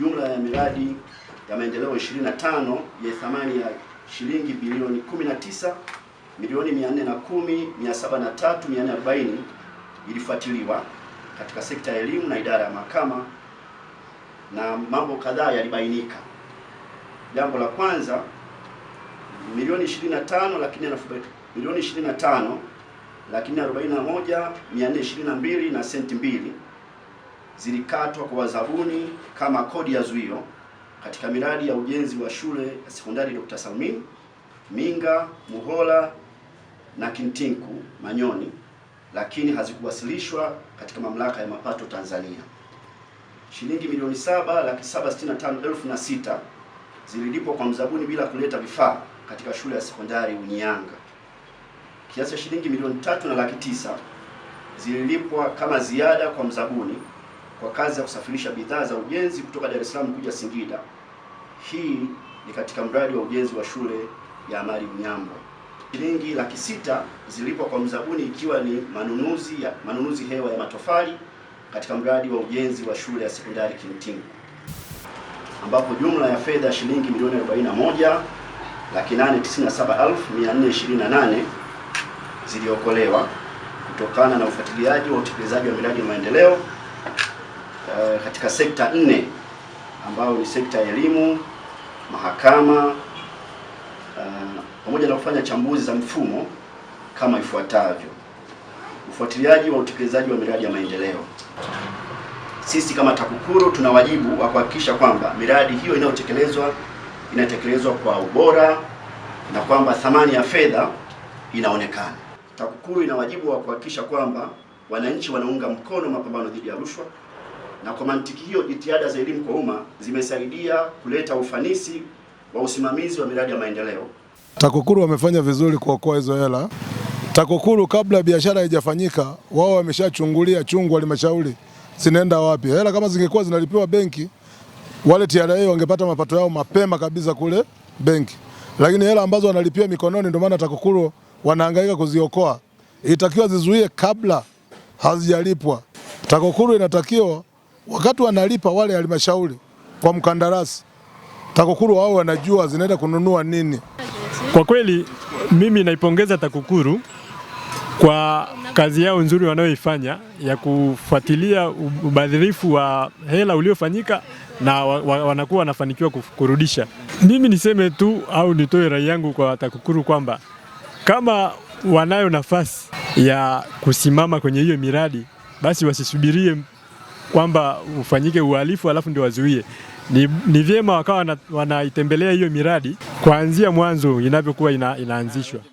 jumla ya miradi ya maendeleo 25 ya thamani ya shilingi bilioni 19 milioni 410,703,440 ilifuatiliwa katika sekta ya elimu na idara ya mahakama na mambo kadhaa yalibainika. Jambo la kwanza, milioni 25 lakini milioni 25 lakini 41,422 na senti mbili zilikatwa kwa wazabuni kama kodi ya zuio katika miradi ya ujenzi wa shule ya sekondari Dr. Salmin Minga, Muhola na Kintinku Manyoni, lakini hazikuwasilishwa katika mamlaka ya mapato Tanzania. Shilingi milioni saba laki saba sitini na tano elfu na sita zililipwa kwa mzabuni bila kuleta vifaa katika shule ya sekondari Unyanga. Kiasi cha shilingi milioni tatu na laki tisa zililipwa kama ziada kwa mzabuni kwa kazi ya kusafirisha bidhaa za ujenzi kutoka Dar es Salaam kuja Singida. Hii ni katika mradi wa ujenzi wa shule ya amali Mnyambo. Shilingi laki sita zilipwa kwa mzabuni ikiwa ni manunuzi ya manunuzi hewa ya matofali katika mradi wa ujenzi wa shule ya sekondari Kimtingu, ambapo jumla ya fedha ya shilingi milioni 41 laki 897,428 ziliokolewa kutokana na ufuatiliaji wa utekelezaji wa miradi ya maendeleo Eh, katika sekta nne ambayo ni sekta ya elimu, mahakama uh, pamoja na kufanya chambuzi za mfumo kama ifuatavyo: ufuatiliaji wa utekelezaji wa miradi ya maendeleo. Sisi kama TAKUKURU tuna wajibu wa kuhakikisha kwamba miradi hiyo inayotekelezwa inatekelezwa kwa ubora na kwamba thamani ya fedha inaonekana. TAKUKURU ina wajibu wa kuhakikisha kwamba wananchi wanaunga mkono mapambano dhidi ya rushwa. Na kwa mantiki hiyo, jitihada za elimu kwa umma zimesaidia kuleta ufanisi wa usimamizi wa miradi ya maendeleo. TAKUKURU wamefanya vizuri kuokoa hizo hela. TAKUKURU kabla biashara haijafanyika, wao wameshachungulia chungu halmashauri zinaenda wapi. Hela kama zingekuwa zinalipiwa benki, wale TRA wangepata mapato yao mapema kabisa kule benki, lakini hela ambazo wanalipia mikononi, ndio maana TAKUKURU wanahangaika kuziokoa. Itakiwa zizuie kabla hazijalipwa. TAKUKURU inatakiwa wakati wanalipa wale halmashauri kwa mkandarasi, TAKUKURU wao wanajua zinaenda kununua nini. Kwa kweli mimi naipongeza TAKUKURU kwa kazi yao nzuri wanayoifanya ya kufuatilia ubadhirifu wa hela uliofanyika na wa, wa, wanakuwa wanafanikiwa kurudisha. Mimi niseme tu au nitoe rai yangu kwa TAKUKURU kwamba kama wanayo nafasi ya kusimama kwenye hiyo miradi basi wasisubirie kwamba ufanyike uhalifu alafu ndio wazuie. Ni, ni vyema wakawa wanaitembelea hiyo miradi kuanzia mwanzo inavyokuwa ina, inaanzishwa.